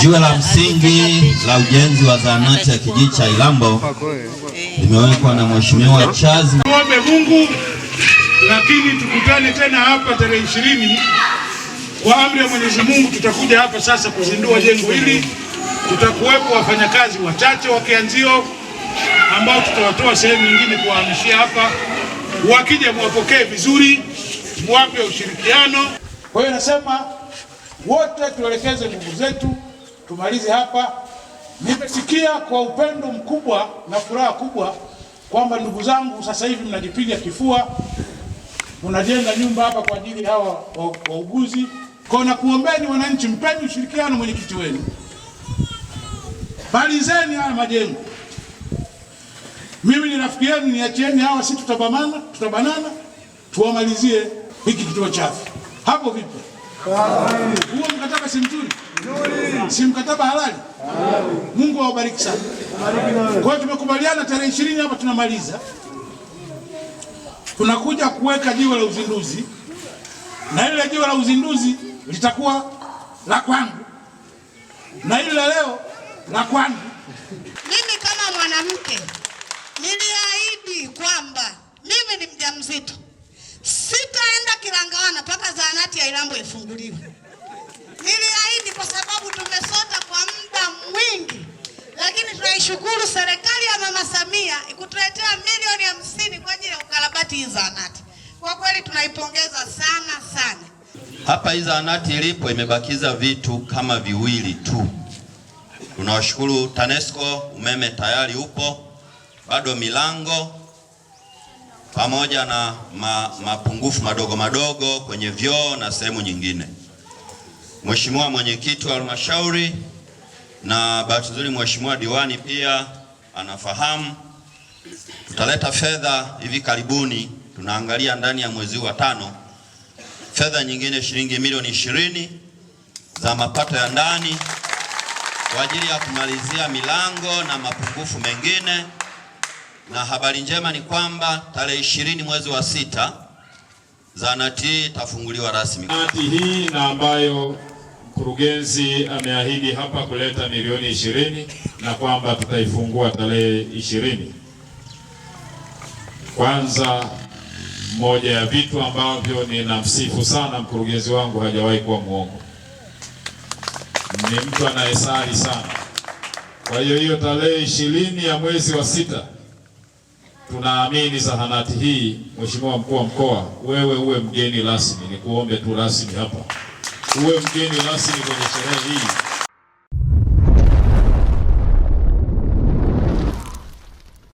Jiwe la msingi la ujenzi wa zahanati ya kijiji cha Ilambo limewekwa na Mheshimiwa Chazi. Tuombe Mungu, lakini tukutane tena hapa tarehe ishirini kwa amri ya Mwenyezi Mungu. Tutakuja hapa sasa kuzindua jengo hili. Tutakuwepo wafanyakazi wachache wa kianzio ambao tutawatoa sehemu nyingine kuwahamishia hapa. Wakija mwapokee vizuri, mwape ushirikiano. Kwa hiyo nasema wote tuelekeze nguvu zetu tumalize hapa. Nimesikia kwa upendo mkubwa na furaha kubwa kwamba ndugu zangu sasa hivi mnajipiga kifua, mnajenga nyumba hapa kwa ajili ya hawa wauguzi. Kwa nakuombeni wananchi, mpeni ushirikiano mwenyekiti wenu, malizeni haya majengo. Mimi ni rafiki yenu, niachieni hawa, si tutabanana, tutabanana tuwamalizie hiki kituo chafu. Hapo vipi? Huo mkataba si mzuri? Si mkataba halali? Mungu awabariki sana. Kwa hiyo tumekubaliana tarehe ishirini hapa tunamaliza, tunakuja kuweka jiwe la uzinduzi, na ile jiwe la uzinduzi litakuwa la kwangu na ile la leo la kwangu. Mimi kama mwanamke niliahidi kwamba mimi ni mjamzito zahanati ya Ilambo ifunguliwe. Niliahidi kwa sababu tumesota kwa muda mwingi, lakini tunaishukuru serikali ya Mama Samia ikutuletea milioni hamsini kwa ajili ya ukarabati hii zahanati. Kwa kweli tunaipongeza sana sana. Hapa hii zahanati ilipo imebakiza vitu kama viwili tu. Tunawashukuru TANESCO, umeme tayari upo, bado milango pamoja na ma, mapungufu madogo madogo kwenye vyoo na sehemu nyingine. Mheshimiwa mwenyekiti wa halmashauri na bahati nzuri mheshimiwa diwani pia anafahamu, tutaleta fedha hivi karibuni, tunaangalia ndani ya mwezi wa tano, fedha nyingine shilingi milioni ishirini za mapato ya ndani kwa ajili ya kumalizia milango na mapungufu mengine na habari njema ni kwamba tarehe ishirini mwezi wa sita zahanati hii itafunguliwa rasmi. Zahanati hii na ambayo mkurugenzi ameahidi hapa kuleta milioni ishirini na kwamba tutaifungua tarehe ishirini. Kwanza, moja ya vitu ambavyo ninamsifu sana mkurugenzi wangu, hajawahi kuwa mwongo, ni mtu anayesali sana. Kwa hiyo hiyo tarehe ishirini ya mwezi wa sita tunaamini zahanati hii, Mheshimiwa mkuu wa mkoa, wewe uwe mgeni rasmi. Nikuombe tu rasmi hapa, uwe mgeni rasmi kwenye sherehe hii.